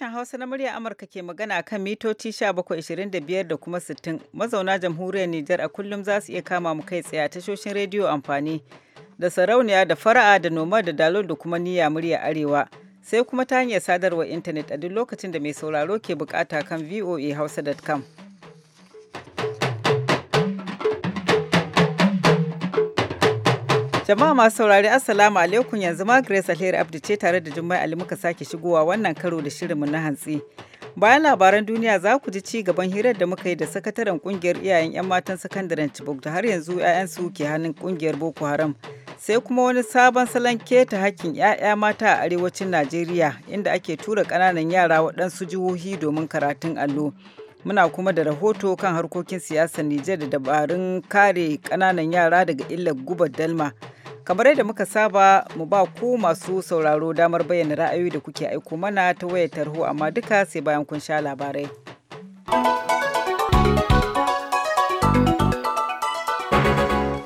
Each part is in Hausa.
Sashen Hausa na murya Amurka ke magana kan mitoci 1725 da kuma 60. Mazauna jamhuriyar Nijar a kullum za su iya kama mu kai tsaye a tashoshin rediyo amfani da sarauniya da fara'a da noma da dalol da kuma niyya murya arewa. Sai kuma ta hanyar sadarwar intanet a duk lokacin da mai sauraro ke bukata kan voahausa.com. Jama'a masu saurari Assalamu alaikum yanzu ma Grace Alheri Abdu ce tare da Jummai Ali muka sake shigowa wannan karo da shirinmu na hantsi. Bayan labaran duniya za ku ji ci gaban hirar da muka yi da sakataren kungiyar iyayen 'yan matan sakandaren Chibok da har yanzu ya'yan su ke hannun kungiyar Boko Haram. Sai kuma wani sabon salon keta hakkin 'ya'ya mata a arewacin Najeriya inda ake tura kananan yara waɗansu jihohi domin karatun allo. muna kuma da rahoto kan harkokin siyasar Nijar da dabarun kare kananan yara daga illar gubar dalma kamar yadda muka saba mu ba ku masu sauraro damar bayyana ra'ayoyi da kuke aiko mana ta wayar tarho amma duka sai bayan kun sha labarai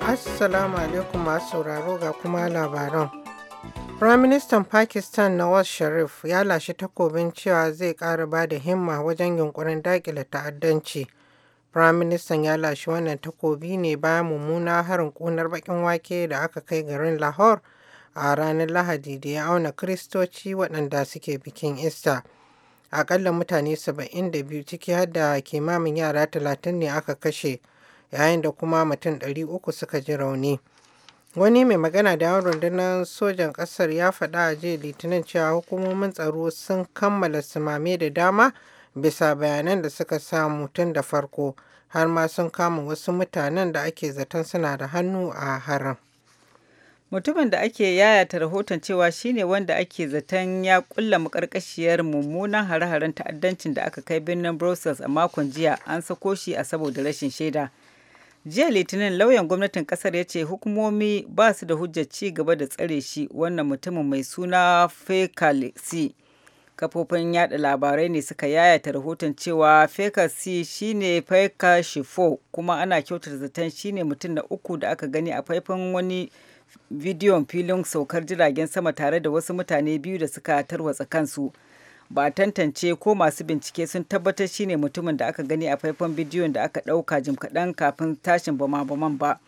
assalamu alaikum masu sauraro ga kuma labaran Firaministan Pakistan Nawaz Sharif ya lashe takobin cewa zai ƙara ba da himma wajen yunkurin daƙile ta'addanci. Firaministan ya lashe wannan takobi ne bayan mummunan harin ƙunar bakin wake da aka kai garin Lahore a ranar Lahadi da ya auna Kiristoci waɗanda suke bikin Easter. Aƙalla mutane 72 ciki har da kimamin yara 30 ne aka kashe yayin da kuma mutum 300 suka ji rauni. Wani mai magana da yawon rundunar sojan ƙasar ya faɗa a jiya Litinin cewa hukumomin tsaro sun kammala simame da dama bisa bayanan da suka samu tun da farko har ma sun kama wasu mutanen da ake zaton suna da hannu a harin. mutumin da ake yayata rahoton cewa shine wanda ake zaton ya kulla makarkashiyar mummunan hare-haren ta'addancin da aka kai birnin brussels a makon jiya an sako shi a saboda rashin shaida jiya litinin lauyan gwamnatin kasar ya ce hukumomi ba su da hujjar ci gaba da tsare shi wannan mutumin mai suna fekalisi kafofin yada labarai ne suka yayata rahoton cewa fekasi shine faika shifo kuma ana kyautar zaton shine mutum na uku da aka gani a faifin wani bidiyon filin saukar jiragen sama tare da wasu mutane biyu da suka tarwatsa kansu ba tantance ko masu bincike sun tabbatar shine mutumin da aka gani a faifan bidiyon da aka ɗauka jim kaɗan kafin tashin bama-baman ba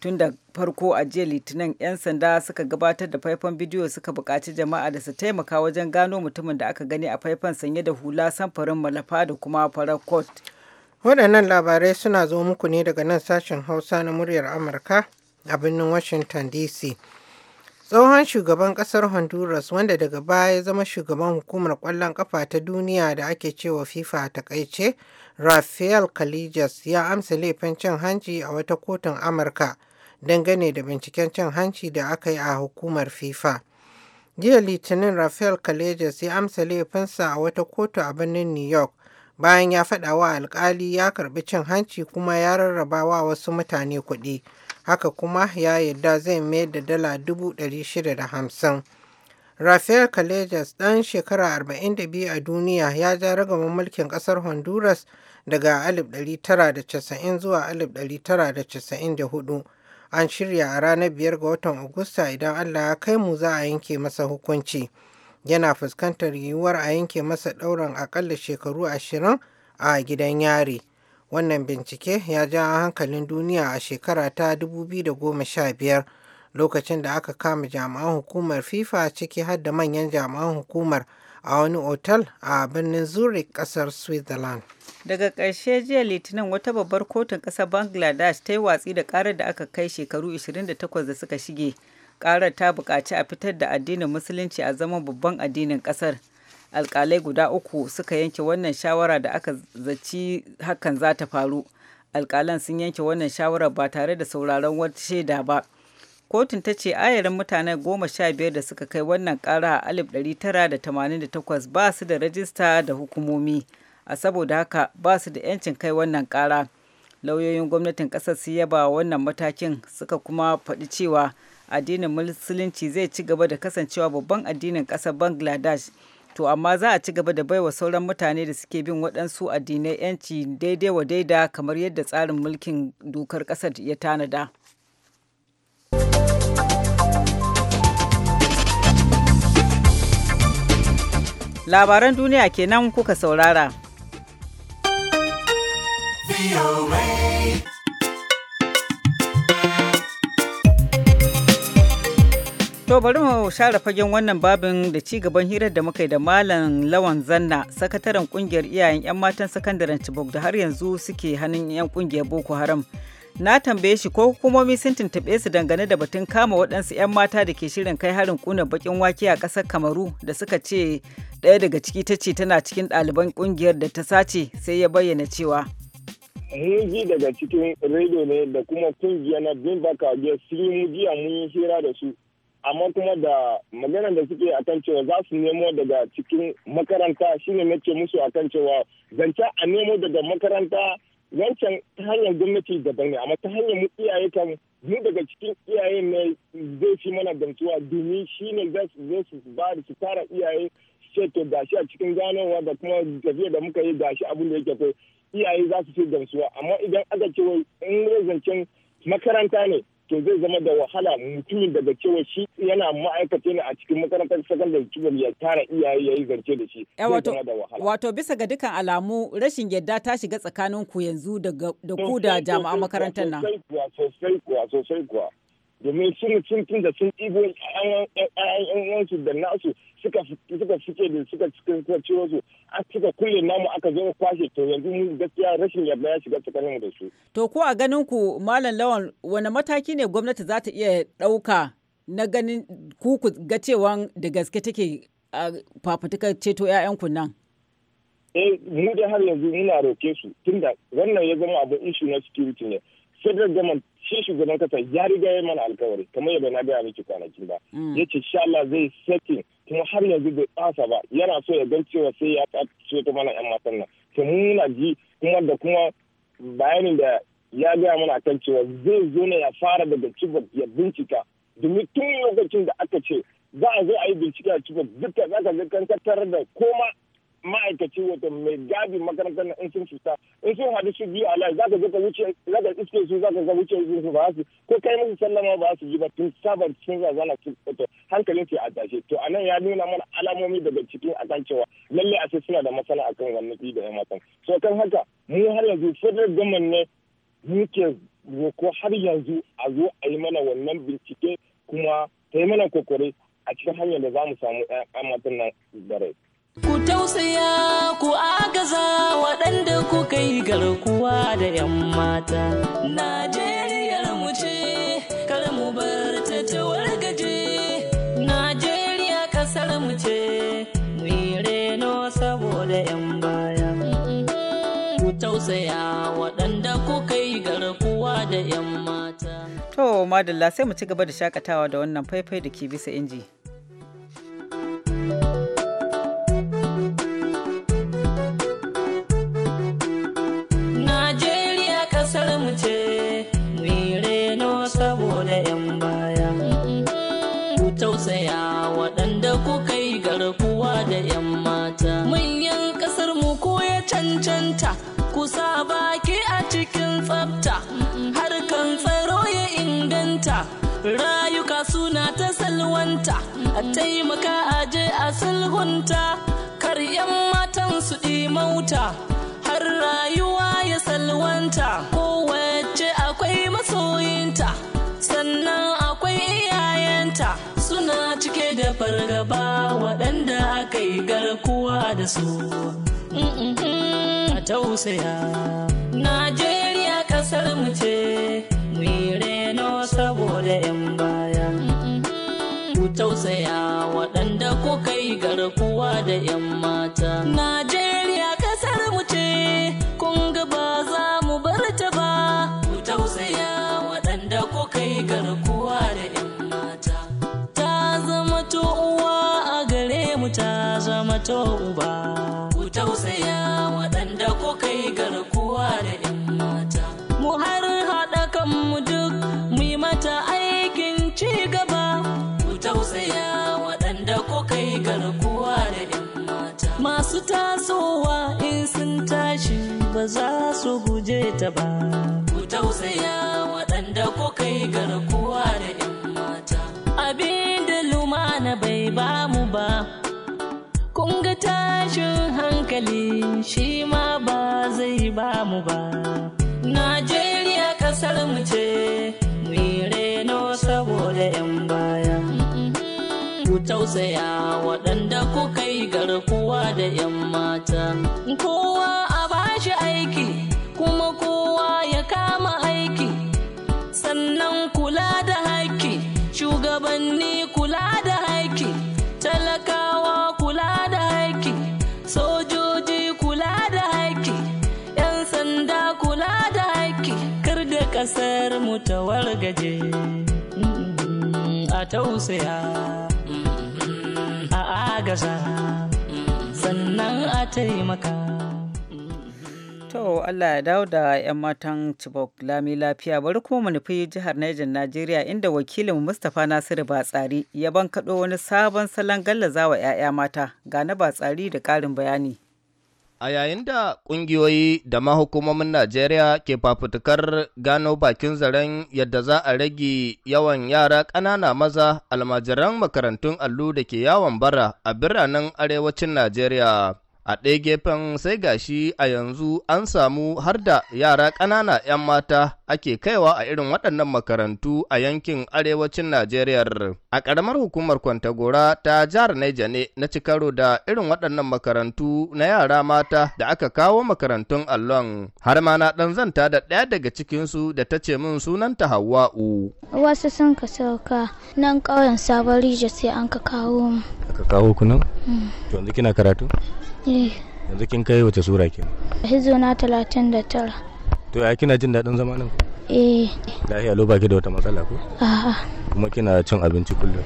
tun da farko a jiya litinin 'yan sanda suka gabatar da faifan bidiyo suka bukaci jama'a da su taimaka wajen gano mutumin da aka gani a faifan sanye da hula samfarin malafa da kuma farar court waɗannan labarai suna zo muku ne daga nan sashen hausa na muryar amurka a birnin washington dc tsohon shugaban ƙasar honduras wanda daga baya ya zama shugaban hukumar ƙwallon ƙafa ta duniya da ake cewa fifa a takaice rafael kalijas ya amsa laifin cin hanci a wata kotun amurka dangane da binciken cin hanci da aka yi a hukumar FIFA. Jiya Litinin Rafael Kalejas ya amsa laifinsa a wata kotu a birnin New York bayan ya faɗa wa alkali ya karbi cin hanci kuma ya rarraba wa wasu mutane kuɗi. Haka kuma ya yarda zai mayar da dala dubu ɗari shida da hamsin. Rafael Kalejas ɗan shekara 42 a duniya ya ja ragamin mulkin ƙasar Honduras daga 1990 zuwa 1994. an shirya a ranar biyar ga watan Agusta idan Allah ya kai mu za a yanke masa hukunci. Yana fuskantar yiwuwar a yanke masa ɗaurin aƙalla shekaru ashirin a gidan yari. Wannan bincike ya ja hankalin duniya a shekara ta 2015 lokacin da aka kama jami'an hukumar FIFA ciki har da manyan jami'an hukumar a wani otal a birnin Zurich kasar Switzerland. Daga ƙarshe jiya Litinin wata babbar kotun ƙasar Bangladesh ta yi watsi da ƙarar da aka kai shekaru 28 da suka shige. Ƙarar ta buƙaci a fitar da addinin Musulunci a zaman babban addinin ƙasar. Alƙalai guda uku suka yanke wannan shawara da aka zaci hakan za ta faru. Alƙalan sun yanke wannan shawara ba tare da sauraron wata shaida ba. kotun ta ce ayarin mutane goma sha biyar da suka kai wannan kara a 1988 ba su da rajista da hukumomi a saboda haka ba su da 'yancin kai wannan kara lauyoyin gwamnatin kasar su yaba wannan matakin suka kuma faɗi cewa addinin musulunci zai ci gaba da kasancewa babban addinin ƙasar bangladesh to amma za a ci gaba da baiwa sauran mutane da suke bin waɗansu addinai 'yanci daidai wa daida kamar yadda tsarin mulkin dokar ƙasar ya tanada. labaran duniya kenan kuka saurara. To bari mu share fagen wannan babin da ci gaban hirar da muka yi da Malam Lawan Zanna, sakataren kungiyar iyayen 'yan matan sakandaren Chibok da har yanzu suke hannun 'yan kungiyar Boko Haram. na tambaye shi ko hukumomi sun tuntuɓe su dangane da batun kama waɗansu 'yan mata da ke shirin kai harin kuna bakin wake a ƙasar kamaru da suka ce ɗaya daga ciki ta ce tana cikin ɗaliban ƙungiyar da ta sace sai ya bayyana cewa mun ji daga cikin rediyo ne da kuma kungiya na bimbaka ya sun yi a mun yi hira da su amma kuma da maganar da suke akan cewa za su nemo daga cikin makaranta shine na ke musu akan cewa zance a nemo daga makaranta wancan ta hanyar gwamnati daban ne amma ta hanyar mu iyaye kan mu daga cikin iyaye ne zai fi mana gamsuwa domin shi ne zai su ba da su tara iyaye ce to gashi a cikin ganowa da kuma tafiya da muka yi gashi abin da yake kai iyaye za su fi gamsuwa amma idan aka ce wai in zancen makaranta ne to zai zama da wahala mutumin daga cewa shi yana ma'aikaci ne a cikin makarantar sakandare kibar ya tara iyaye ya yi zance da shi zai da wahala. wato bisa ga dukkan alamu rashin yadda ta shiga tsakanin ku yanzu da ku da jami'an makarantar nan sosai kuwa sosai kuwa domin cin mutum da sun ɗigo 'yansu da nasu suka suka suke da suka cikin ciro su a suka kulle namu aka zo kwashe to yanzu mu gaskiya rashin yarda ya shiga tsakanin da su. To ko a ganin ku malam lawan wani mataki ne gwamnati za ta iya ɗauka na ganin ku ga cewa da gaske take a fafutukar ceto ƴaƴanku nan. Eh mu da har yanzu muna roke su tunda wannan ya zama abin issue na security ne. Federal government shi shugaban kasa ya riga ya mana alkawari kamar yadda na gaya miki kwanakin ba mm. ya ce sha Allah zai saki kuma har yanzu bai tsasa ba yana so ya gan cewa sai ya tsace ta mana yan matan nan to muna ji kuma da kuma bayanin da ya gaya mana kan cewa zai zo ne ya fara daga cibok ya bincika domin tun lokacin da aka ce za a zo a yi bincike a cibok duka za ka ga kan tattara da koma ma'aikaci wato mai gadi makarantar na in sun in sun haɗu su biyu a za ka wuce za ka iske su za ka ga wuce su ba su ko kai musu sallama ba su ji ba tun sabar cikin zazana su wato hankalin su a tashe to a nan ya nuna mana alamomi daga cikin a kan cewa lalle a sai suna da matsala kan wannan fi da so kan haka mu har yanzu federal government ne muke ko har yanzu a zo a yi mana wannan bincike kuma ta yi mana kokore a cikin hanyar da za mu samu 'yan matan nan da rai. Ku tausaya ku agaza waɗanda kuka yi garkuwa da 'yan mata. Najeriyar mu ce, kar mu bar ta ta wargaje. Najeriya ƙasar mu ce, mu yi reno saboda 'yan baya. Ku tausaya waɗanda kuka yi garkuwa da 'yan mata. To, Madalla sai mu ci gaba da shakatawa da wannan faifai da ke bisa inji. cancanta kusa baki a cikin tsafta harkan tsaro ya inganta rayuka suna ta salwanta a taimaka aje a sulhunta kar 'yan matan su mauta har rayuwa ya salwanta kowa da fargaba waɗanda aka yi garkuwa da su a tausaya najeriya ƙasar mu ce mu yi reno saboda 'yan baya ku tausaya waɗanda kuka yi garkuwa da 'yan mata najeriya ƙasar mu ce kun ga ba za mu bar ta ba ku tausaya waɗanda kuka yi garkuwa su guje ta ba. Ku tausaya waɗanda ku kai garkuwa da 'yan mata. Abin da lumana bai ba mu ba, kun ga tashin hankali shi ma ba zai ba mu ba. Najeriya ƙasar mu ce, mu reno saboda 'yan baya. ku tausaya waɗanda ku kai garkuwa da 'yan mata. Kowa a bashi aiki. kuma kowa ya kama aiki sannan kula da haƙƙi shugabanni kula da haƙƙi talakawa kula da haƙƙi sojoji kula da haƙƙi 'yan sanda kula da haƙƙi kar da ƙasar mu ta wargaje mm-hmm. a tausaya mm-hmm. a agaza mm-hmm. sannan a taimaka To Allah ya dawo da 'yan matan Chibok lami lafiya bari kuma mu nufi jihar Niger Najeriya inda wakilin Mustapha Nasiru Batsari ya bankaɗo wani sabon salon gallaza wa 'ya'ya mata gane Batsari da ƙarin bayani. A yayin da ƙungiyoyi da mahukumomin Najeriya ke fafutukar gano bakin zaren yadda za a rage yawan yara ƙanana maza almajiran makarantun allo da ke yawon bara a biranen arewacin Najeriya. a ɗaya gefen sai gashi a yanzu an samu har da yara ƙanana 'yan mata ake kaiwa a irin waɗannan makarantu a yankin arewacin Najeriya. A ƙaramar hukumar Kwantagora ta jihar Neja ne na cikaro da irin waɗannan makarantu na yara mata da aka kawo makarantun allon har ma na ɗan zanta da ɗaya daga cikinsu da ta ce min sunanta hawau Wasu sun ka sauka nan ƙauyen Sabon Rija sai an ka kawo mu. Aka kawo ku nan? Mm. To yanzu kina karatu? Eh. yanzu kin kai wace sura ke hizo na talatin da tara to ya kina jin daɗin zama nan eh lahiya lo baki da wata matsala ko a'a kuma kina cin abinci kullum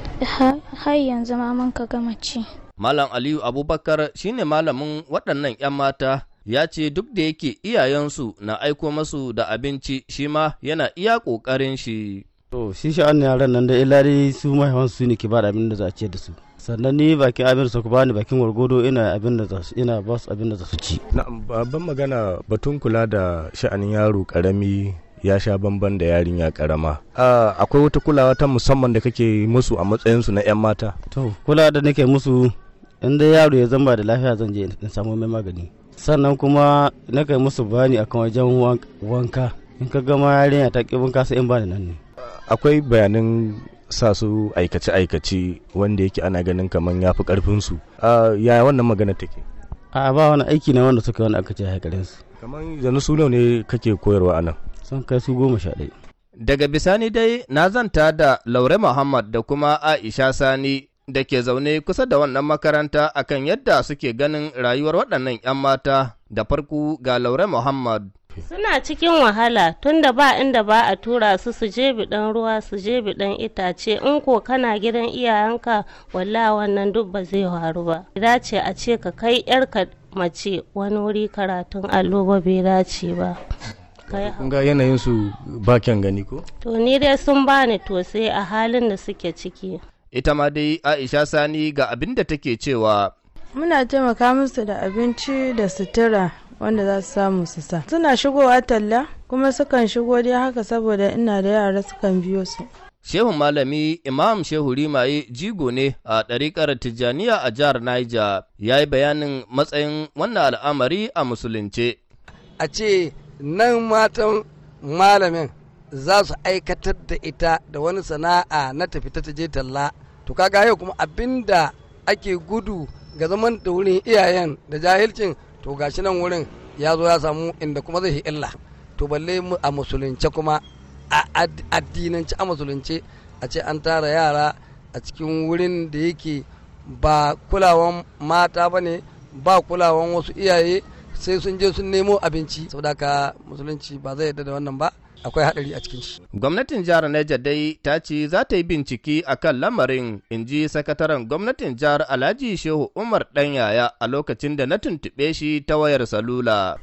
har yanzu ma mun ka gama ci malam aliyu abubakar shine malamin waɗannan 'yan mata ya ce duk da yake iyayensu na aiko masu da abinci shi ma yana iya ƙoƙarin shi to shi sha'an yaran nan da ilari su mahaifansu ne ke ba da abin da za a ciyar da su sannan ni bakin abin su ku bani bakin wargodo ina abin da ina ba abin da su ci na'am magana batun kula da sha'anin yaro karami ya sha bamban da yarinya karama akwai wata kulawa ta musamman da kake musu a matsayin su na yan mata to kula da nake musu in dai yaro ya zamba da lafiya zan je in samu mai magani sannan kuma kai musu bani akan wajen wanka in ka gama yarinya ta kibin kasa in bani nan ne akwai bayanin sa su aikace-aikace wanda yake ana ganin kamar ya fi ƙarfinsu yaya wannan magana take a ba wani aiki na wanda suka wani aikace ce su. kamar yanzu su ne kake koyarwa a nan sun kai su goma sha ɗaya daga bisani dai na zanta da laure muhammad da kuma aisha sani da ke zaune kusa da wannan makaranta akan yadda suke ganin rayuwar waɗannan 'yan mata da farko ga laure muhammad suna cikin wahala tunda ba inda ba a tura su su je bidan ruwa su je bidan itace in ko kana gidan iyayenka walla wannan duk ba zai faru ba ce a ce ka kai yarka mace wani wuri karatun allo ba bai dace ba kun ga yanayin su ba gani ko to ni dai sun bani to sai a halin da suke ciki ita ma dai Aisha Sani ga abin take cewa muna taimaka musu da abinci da sutura wanda za su samu su sa suna shigowa talla kuma sukan shigo dai haka saboda ina da yara sukan biyo su Shehun Malami Imam Shehu Rimaye jigo ne a ɗariƙar Tijjaniya a jihar Niger ya yi bayanin matsayin wannan al'amari a musulunce. A ce nan matan malamin za su aikatar da ita da wani sana'a na tafi ta je talla. To kaga yau kuma abinda ake gudu ga zaman da wurin iyayen da jahilcin to gashi nan wurin ya zo ya samu inda kuma zai yi illa to balle a musulunce kuma a addinance a musulunce a ce an tara yara a cikin wurin da yake ba kulawan mata ba ne ba kulawan wasu iyaye sai sun je sun nemo abinci saboda ka musulunci ba zai yarda da wannan ba akwai hadari a cikin shi. Gwamnatin jihar Niger dai ta ce za ta yi binciki a kan lamarin, in ji sakataren gwamnatin jihar Alhaji Shehu Umar ɗan yaya a lokacin da na tuntuɓe shi ta wayar salula.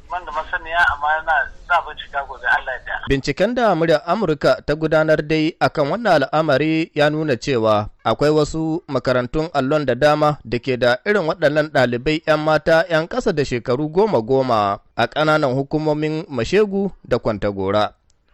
Binciken da murya Amurka ta gudanar dai akan wannan al'amari ya nuna cewa akwai wasu makarantun allon da dama da ke da irin waɗannan ɗalibai 'yan mata 'yan ƙasa da shekaru goma goma a ƙananan hukumomin Mashegu da Kwantagora.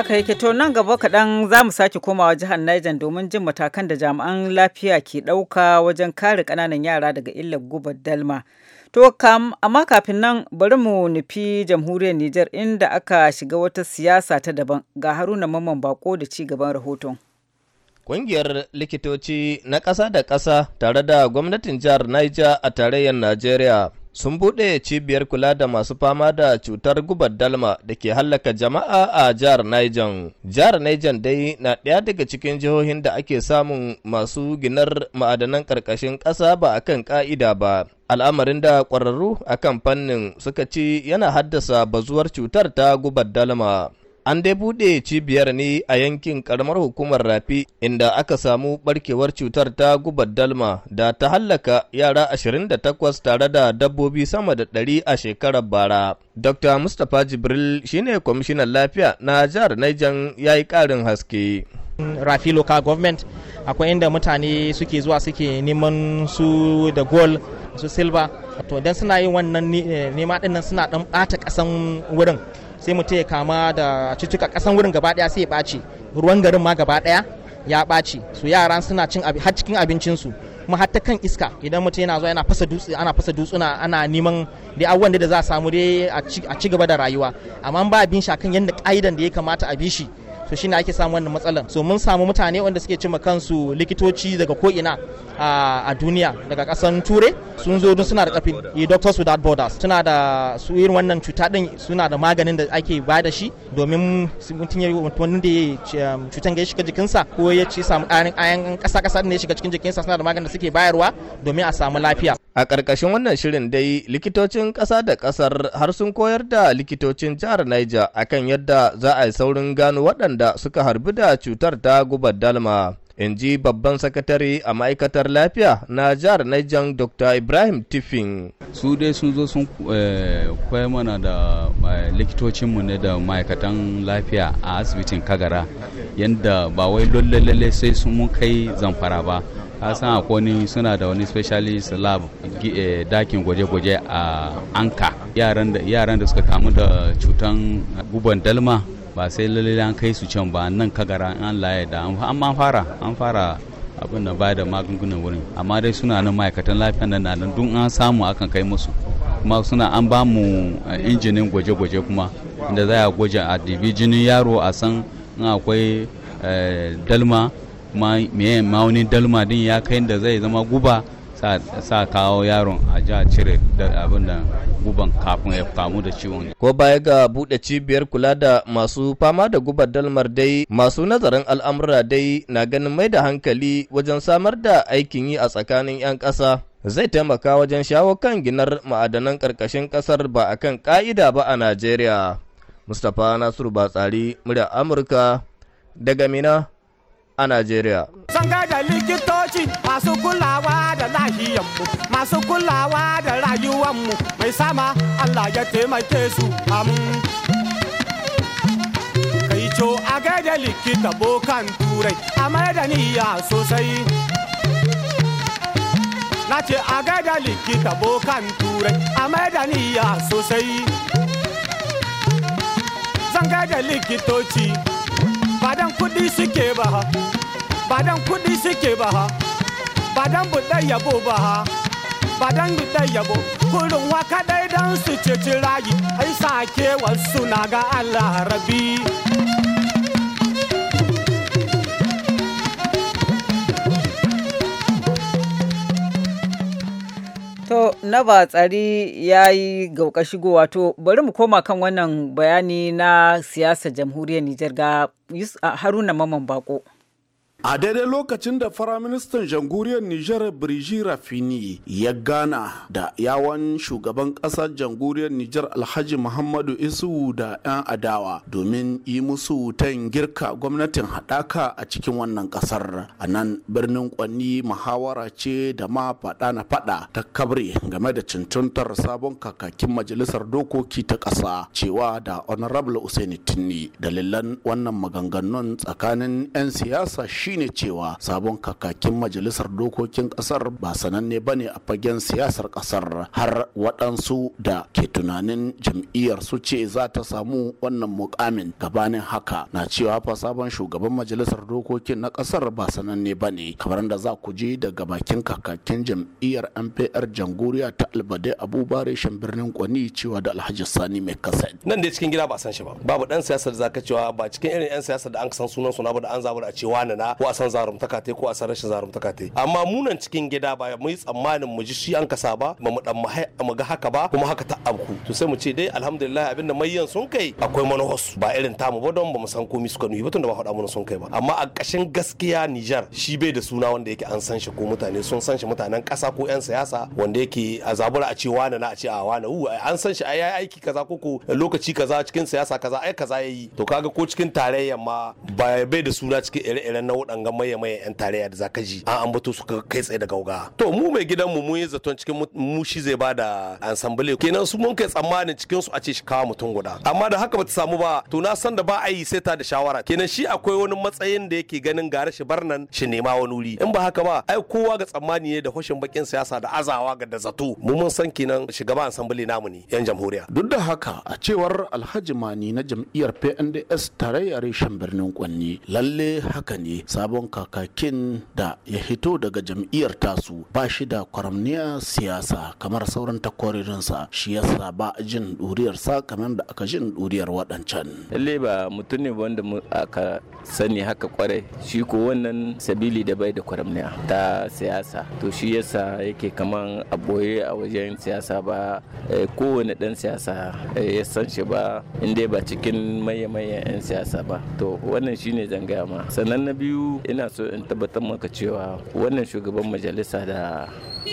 aka yake to nan gaba kaɗan za mu sake komawa jihar Niger domin jin matakan da jami'an lafiya ke ɗauka wajen kare ƙananan yara daga illar gubar dalma. To kam amma kafin nan bari mu nufi jamhuriyar Nijar inda aka shiga wata siyasa ta daban ga Haruna Mamman Bako da ci gaban rahoton. Ƙungiyar likitoci na ƙasa da ƙasa tare da gwamnatin jihar Niger a tarayyar Najeriya sun buɗe cibiyar kula da masu fama da cutar gubar dalma da ke hallaka jama'a a jihar Niger. Jihar Niger dai na ɗaya daga cikin jihohin da ake samun masu ginar ma'adanan ƙarƙashin ƙasa ba a kan ƙa'ida ba. Al'amarin da ƙwararru a kan fannin suka ci yana haddasa bazuwar cutar ta gubar dalma. An dai buɗe cibiyar ne a yankin ƙaramar hukumar rafi inda aka samu ɓarkewar cutar ta gubar dalma da ta hallaka yara 28 tare da dabbobi sama da ɗari a shekarar bara. Dr. Mustapha Jibril shine kwamishinan lafiya na jihar Niger ya yi ƙarin haske. Rafi local government akwai inda mutane suke zuwa suke neman su da gold su silver to idan suna yin wannan eh, nema ɗin suna ɗan ɓata ƙasan wurin sai mutum ya kama da cutuka kasan wurin gaba daya sai ya ɓaci ruwan garin ma gaba daya ya ɓaci su yara suna cin har cikin abincinsu kuma har ta kan iska idan mutum yana zuwa yana fasa dutse ana fasa dutsuna ana neman dai abubuwan da za a samu dai a ci gaba da rayuwa amma ba abin shi akan yadda ka'idan da ya kamata a bi shi to shine ake samu wannan matsalan so mun samu mutane wanda suke cima kansu likitoci daga ko ina a duniya daga kasan ture sun zo don suna da kafin eh, doctors without borders suna da su irin wannan cuta din suna da maganin da ake ba da shi domin mutum ya wannan ya um, cutan ya shiga jikinsa ko ya ci samu ayan ayan kasa kasa ne ya shiga cikin jikinsa suna da maganin da suke bayarwa domin a samu lafiya a ƙarƙashin wannan shirin dai likitocin ƙasa da ƙasar har sun koyar da likitocin jihar Niger akan yadda za a yi saurin gano waɗanda waɗanda suka harbi da cutar ta gubar dalma. in ji babban sakatare a ma'aikatar lafiya na jihar Niger Dr. Ibrahim Tiffin. Su dai sun zo sun eh, kwaya mana da eh, likitocinmu ne da ma'aikatan lafiya a asibitin Kagara yadda ba wai lallai-lallai sai sun mun kai zamfara ba. san akwai suna da wani specialist lab eh, dakin gwaje-gwaje a anka yaran da suka kamu da cutan guban dalma ba sai lalle an kai su can ba nan kagara an Allah ya da an ma fara an fara abin da magungunan wurin amma dai suna nan ma'aikatan lafiya na nan duk an samu akan kai musu kuma suna an ba mu eh, injinin gwaje-gwaje kuma inda za a gwaje a dibi jinin yaro a san in akwai eh, dalma meye maunin dalma din ya kai da zai zama guba sa kawo yaron a ja cire da abin da guban kafin ya kamu da ciwon. Ko baya ga buɗe cibiyar kula da masu fama da guba dalmar dai masu nazarin al'amura dai na ganin mai da hankali wajen samar da aikin yi a tsakanin 'yan ƙasa. Zai taimaka wajen shawo kan ginar ma'adanan ƙarƙashin ƙasar ba a kan ƙa'ida ba a Najeriya. Mustapha Nasiru Batsari, murya Amurka, daga Mina a Najeriya. Sanga da likitoci masu kulawa da lahiyanmu, masu kulawa da rayuwanmu mai sama Allah ya taimake su amin. Kai co a gaida likita bokan turai a mai sosai. Na ce a gaida likita bokan turai a mai sosai. Zan gaida likitoci ba dan kuɗi suke ba ha ba dan kuɗi suke ba ha ba dan buɗe yabo ba ha ba dan buɗe yabo kurin waka dai dan su ceci rayi ai sake wasu na ga Allah rabi. na Tsari ya yi gauka shigo wato bari mu koma kan wannan bayani na siyasar jamhuriyar Nijar ga Haruna Maman Bako. A daidai lokacin da faraministan Janguriyar Nijar Birji Rafini ya gana da yawan shugaban ƙasar Janguriyar Nijar Alhaji Muhammadu Isu da 'yan adawa domin yi musu wutan girka gwamnatin haɗaka a cikin wannan ƙasar. A nan birnin Kwanni muhawara ce da ma faɗa na faɗa ta kabri game da cintuntar sabon kakakin majalisar dokoki ta ƙasa cewa da Honorable Usaini Tinni. Dalilan wannan maganganun tsakanin 'yan siyasa shi shine cewa sabon kakakin majalisar dokokin kasar ba sananne ba ne a fagen siyasar kasar har waɗansu da ke tunanin jam'iyyar su ce za ta samu wannan mukamin gabanin haka na cewa fa sabon shugaban majalisar dokokin na kasar ba sananne ba ne kamar da za ku je daga bakin kakakin jam'iyyar mpr janguriya ta albade abubare shan birnin kwani cewa da alhaji sani mai kasai nan dai cikin gida ba san shi ba babu dan siyasar zaka cewa ba cikin irin yan siyasar da an san sunan na ba da an zabura a cewa na ko a san zarumtaka ta ko a san rashin zarumtaka ta amma munan cikin gida ba mu yi tsammanin mu ji shi an kasa ba ba mu dan mu ga haka ba kuma haka ta abku to sai mu ce dai alhamdulillah abinda mayyan sun kai akwai manahos ba irin tamu ba don ba mu san komi suka nuyi ba tun da ba faɗa mana sun kai ba amma a ƙashin gaskiya Nijar shi bai da suna wanda yake an san shi ko mutane sun san shi mutanen ƙasa ko 'yan siyasa wanda yake a zabura a ce wane na a ce a wane u an san shi ai aiki kaza ko ko lokaci kaza cikin siyasa kaza ai kaza yayi to kaga ko cikin tarayya ma bai da suna cikin ire-iren na waɗanga maye maye yan tarayya da zaka ji an ambato su kai tsaye da gauga to mu mai gidan mu mun yi zaton cikin mu shi zai bada ansambule kenan su mun kai tsammanin cikin su a ce shi kawo mutum guda amma da haka bata samu ba to na san da ba a yi sai ta da shawara kenan shi akwai wani matsayin da yake ganin gare shi barnan shi nema wani wuri in ba haka ba ai kowa ga tsammani ne da hushin bakin siyasa da azawa ga da zato mu mun san kenan shugaban ansambule namu ne yan jamhuriya duk da haka a cewar alhaji mani na jam'iyyar pnds tarayyar reshen birnin kwanni lalle haka ne sabon kakakin da ya hito daga jam'iyyar tasu ba shi da kwaramniya siyasa kamar sauran takwarorinsa shi yasa ba jin ɗuriyarsa kamar da aka jin ɗuriyar waɗancan. Lalle ba mutum ne wanda aka sani haka kwarai shi ko wannan sabili da bai da kwaramniya ta siyasa to shi yasa yake kaman a boye a wajen siyasa ba eh, kowane ɗan siyasa eh, ya san shi ba inda ba cikin maye-maye 'yan siyasa ba to wannan shine zan ma sannan na biyu ina so in tabbatar maka cewa wannan shugaban majalisa da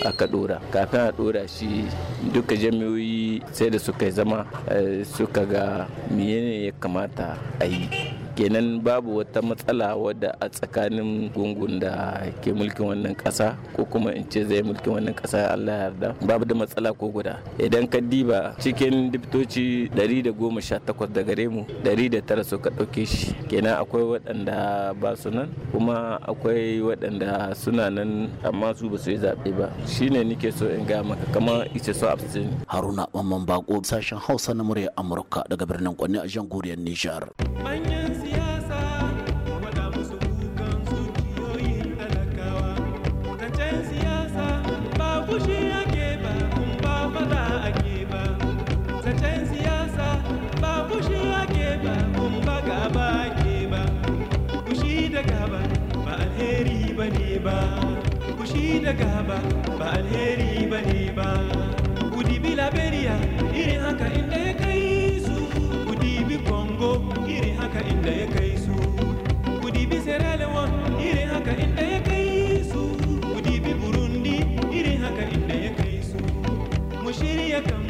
aka dora kafin a dora shi duka jami'oyi sai da suka zama eh, suka ga ne ya kamata a yi kenan babu wata matsala wadda a tsakanin gungun da ke mulkin wannan kasa ko kuma in ce zai mulkin wannan kasa Allah yarda babu da matsala ko guda idan ka diba cikin diptoci 118 da gare mu 109 suka dauke shi kenan akwai waɗanda ba su nan kuma akwai waɗanda suna nan amma su ba su yi zaɓe ba shine nike so in ga maka kama ice so abin haruna bamman bako sashen hausa na murya amurka daga birnin kwanne a nishar nijar. bane ba kushi da gaba ba alheri bane ba kudi bi liberia irin haka inda ya kaisu. Udi bi congo irin haka inda ya kaisu. Udi bi sierra leone irin haka inda ya kaisu. Udi bi burundi irin haka inda ya kaisu. Mushiri mu shirya kan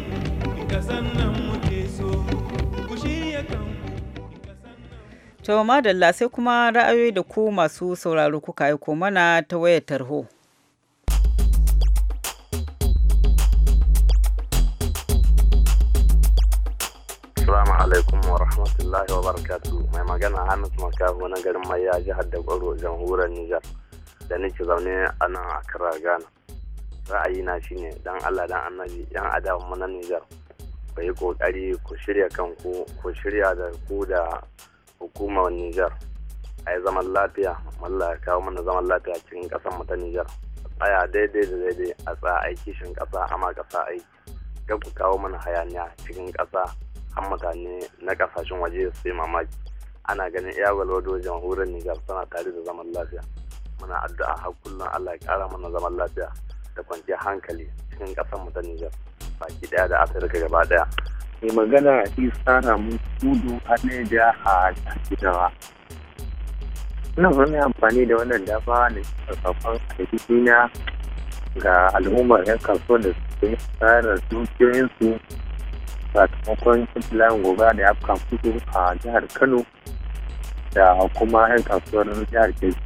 To madalla sai kuma ra'ayoyi da ku masu sauraro kuka aiko mana ta wayar tarho. Assalamu alaikum wa rahmatullahi wa barakatu mai magana Hanus Makafu na garin Maiya jihar da Kwaro jamhuriyar Nijar da nake zaune a nan a gana Ghana. shi shine dan Allah dan Annabi yan adawan mu na Nijar. Ku yi kokari ku shirya kanku ku shirya da ku da hukumar Nijar a yi zaman lafiya Allah ya kawo mana zaman lafiya cikin ƙasar mu ta Nijar tsaya daidai da daidai a tsaya aiki shin ƙasa ama ƙasa aiki ga ku kawo mana hayaniya cikin ƙasa har mutane na ƙasashen waje su yi mamaki ana ganin iya walwado jamhuriyar Nijar suna tare da zaman lafiya muna addu'a har kullum Allah ya ƙara mana zaman lafiya da kwanciyar hankali cikin ƙasar mu ta Nijar baki ɗaya da Afirka gaba ɗaya mai magana isa ramu tudu a naija a jajidawa ina zama amfani da wannan dama na shafafan na ga al'ummar yan kaso da suke tsarar dukiyoyinsu sakamakon cikin gobe da ya afkan fito a jihar kano da kuma yan kasuwar jihar kebbi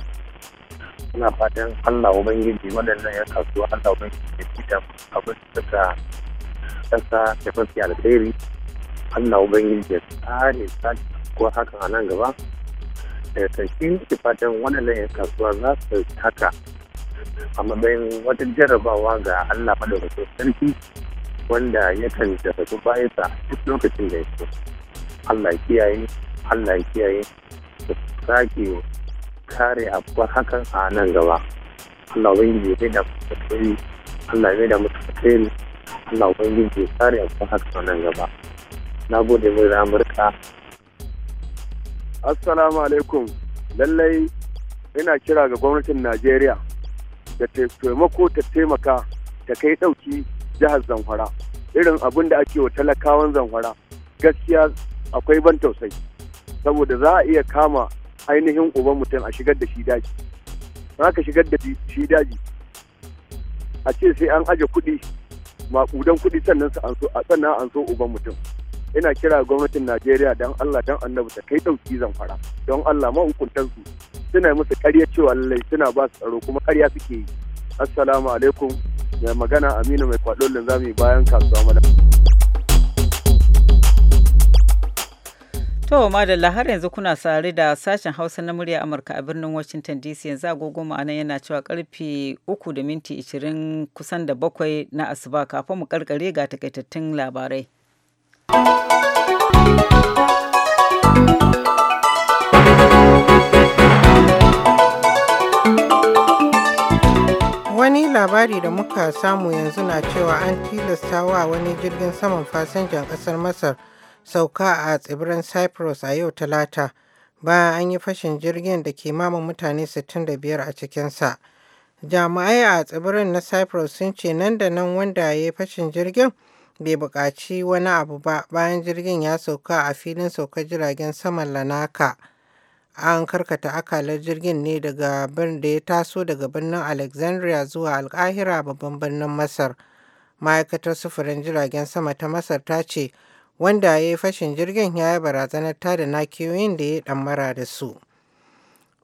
ina fatan allah ubangiji waɗannan yan kasuwa allah ubangiji da abin da suka ƙasa ta mafi alheri Allah Ubangiji ya tsare ta ko hakan a nan gaba Da ƙarshe ke fatan waɗannan 'yan kasuwa za su haka a matsayin wata jarabawa ga Allah madaukakin sarki wanda yakan jarrabu bayansa duk lokacin da ya so Allah kiyaye Allah kiyaye da sake kare abubuwan hakan a nan gaba Allah ubangiji ya da mutu alheri Allah ya da mutu alheri Allah ubangiji ya kare a kuma haka nan gaba na gode mai amurka assalamu alaikum lallai ina kira ga gwamnatin najeriya da ta taimako ta taimaka ta kai ɗauki jihar zamfara irin abin da ake wa talakawan zamfara gaskiya akwai ban tausayi saboda za a iya kama ainihin uban mutum a shigar da shi daji za ka shigar da shi daji a ce sai an aje kuɗi makudan kuɗi sannan su an so a sannan an so uban mutum ina kira gwamnatin Najeriya don Allah don Annabi ta kai dauki zamfara don Allah mahukuntan su suna musu ƙarya cewa lallai suna ba su tsaro kuma ƙarya suke yi assalamu alaikum mai magana Aminu mai kwaɗo linzami bayan kasuwa madam To da har yanzu kuna sare da sashen Hausa na murya Amurka a birnin Washington DC yanzu agogo ma'ana yana cewa karfe uku da minti 20 kusan da bakwai na asuba kafin mu karkare ga takaitattun labarai. Wani labari da muka samu yanzu na cewa an tilasta wa wani jirgin saman fasinjan ƙasar Masar sauka a tsibirin Cyprus a yau Talata bayan an yi fashin jirgin da kimanin mutane 65 a cikinsa. Jami'ai a tsibirin na Cyprus sun ce nan da nan wanda ya yi fashin jirgin bai buƙaci wani abu ba bayan jirgin ya sauka a filin saukar jiragen saman Lanaka. An karkata akalar jirgin ne daga da ya taso daga birnin Alexandria zuwa Alkahira babban birnin Masar. Ma'aikatar sufurin jiragen sama ta Masar ta ce wanda ya yi fashin jirgin ya yi barazanar da nakiyoyin da ya ɗammara da su.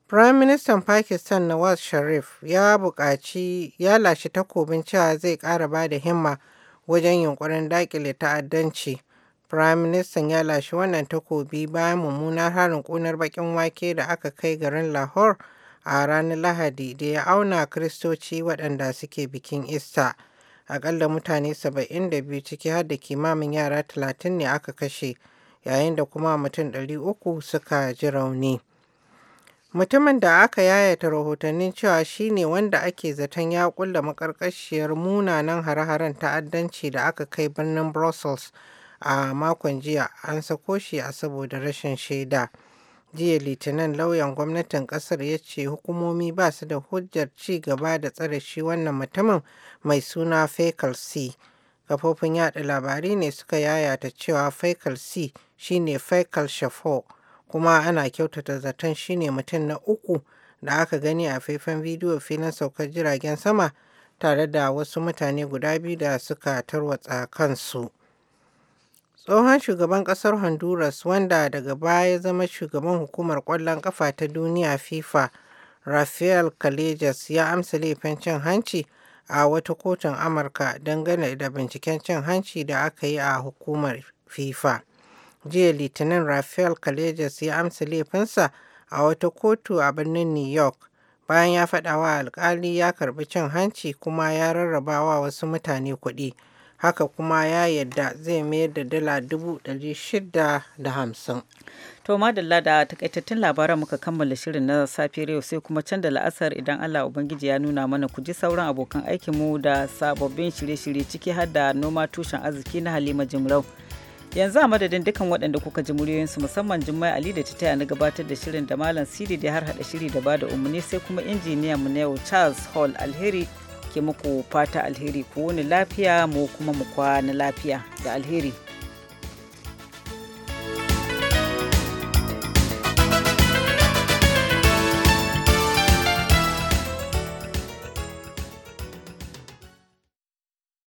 Prime Minister Pakistan Nawaz Sharif ya buƙaci ya lashe takobin cewa zai ƙara ba da himma wajen yunkurin daƙile ta'addanci. Prime Minister ya lashe wannan takobi bayan mummunar harin ƙunar baƙin wake da aka kai garin Lahore a ranar Lahadi da ya auna Kiristoci waɗanda suke bikin Easter. akalla mutane 72 ciki har da kimamin yara 30 ne aka kashe yayin da kuma mutum 300 suka ji rauni. Mutumin da aka yayata rahotannin cewa shi ne wanda ake zaton ya kulla makarkashiyar munanan hare-haren ta'addanci da aka kai birnin Brussels a makon jiya an sako shi a saboda rashin shaida. jiya litinin lauyan gwamnatin kasar ya ce hukumomi ba su da hujjar ci gaba da tsare shi wannan mutumin mai suna faikal c kafofin yada labarai ne suka yayata cewa faikal c shine faikal shafo kuma ana kyautata zaton shine mutum na uku da aka gani a faifan bidiyo filin saukar jiragen sama tare da wasu mutane guda biyu da suka tarwatsa kansu Tsohon shugaban ƙasar Honduras wanda daga baya ya zama shugaban hukumar ƙwallon ƙafa ta duniya FIFA Rafael Calejas ya amsa laifin cin hanci a wata kotun Amurka dangane da binciken cin hanci da aka yi a hukumar FIFA. Jiya Litinin Rafael Calejas ya amsa laifinsa a wata kotu a birnin New York bayan ya faɗawa alkali ya karbi cin hanci kuma ya rarraba wa wasu mutane kuɗi. haka kuma ya yadda zai mayar da dala dubu ɗari shida da hamsin. To madalla da takaitattun labaran muka kammala shirin na safiyar yau sai kuma can da la'asar idan Allah Ubangiji ya nuna mana ku ji sauran abokan mu da sababbin shirye-shirye ciki har da noma tushen arziki na Halima Jimrau. Yanzu a madadin dukkan waɗanda kuka ji muryoyinsu musamman Jummai Ali da ta taya na gabatar da shirin da Malam Sidi da har hada shiri da bada umarni sai kuma injiniyan mu na yau Charles Hall Alheri ke muku fata alheri ku wani lafiya mu kuma mu kwana lafiya da alheri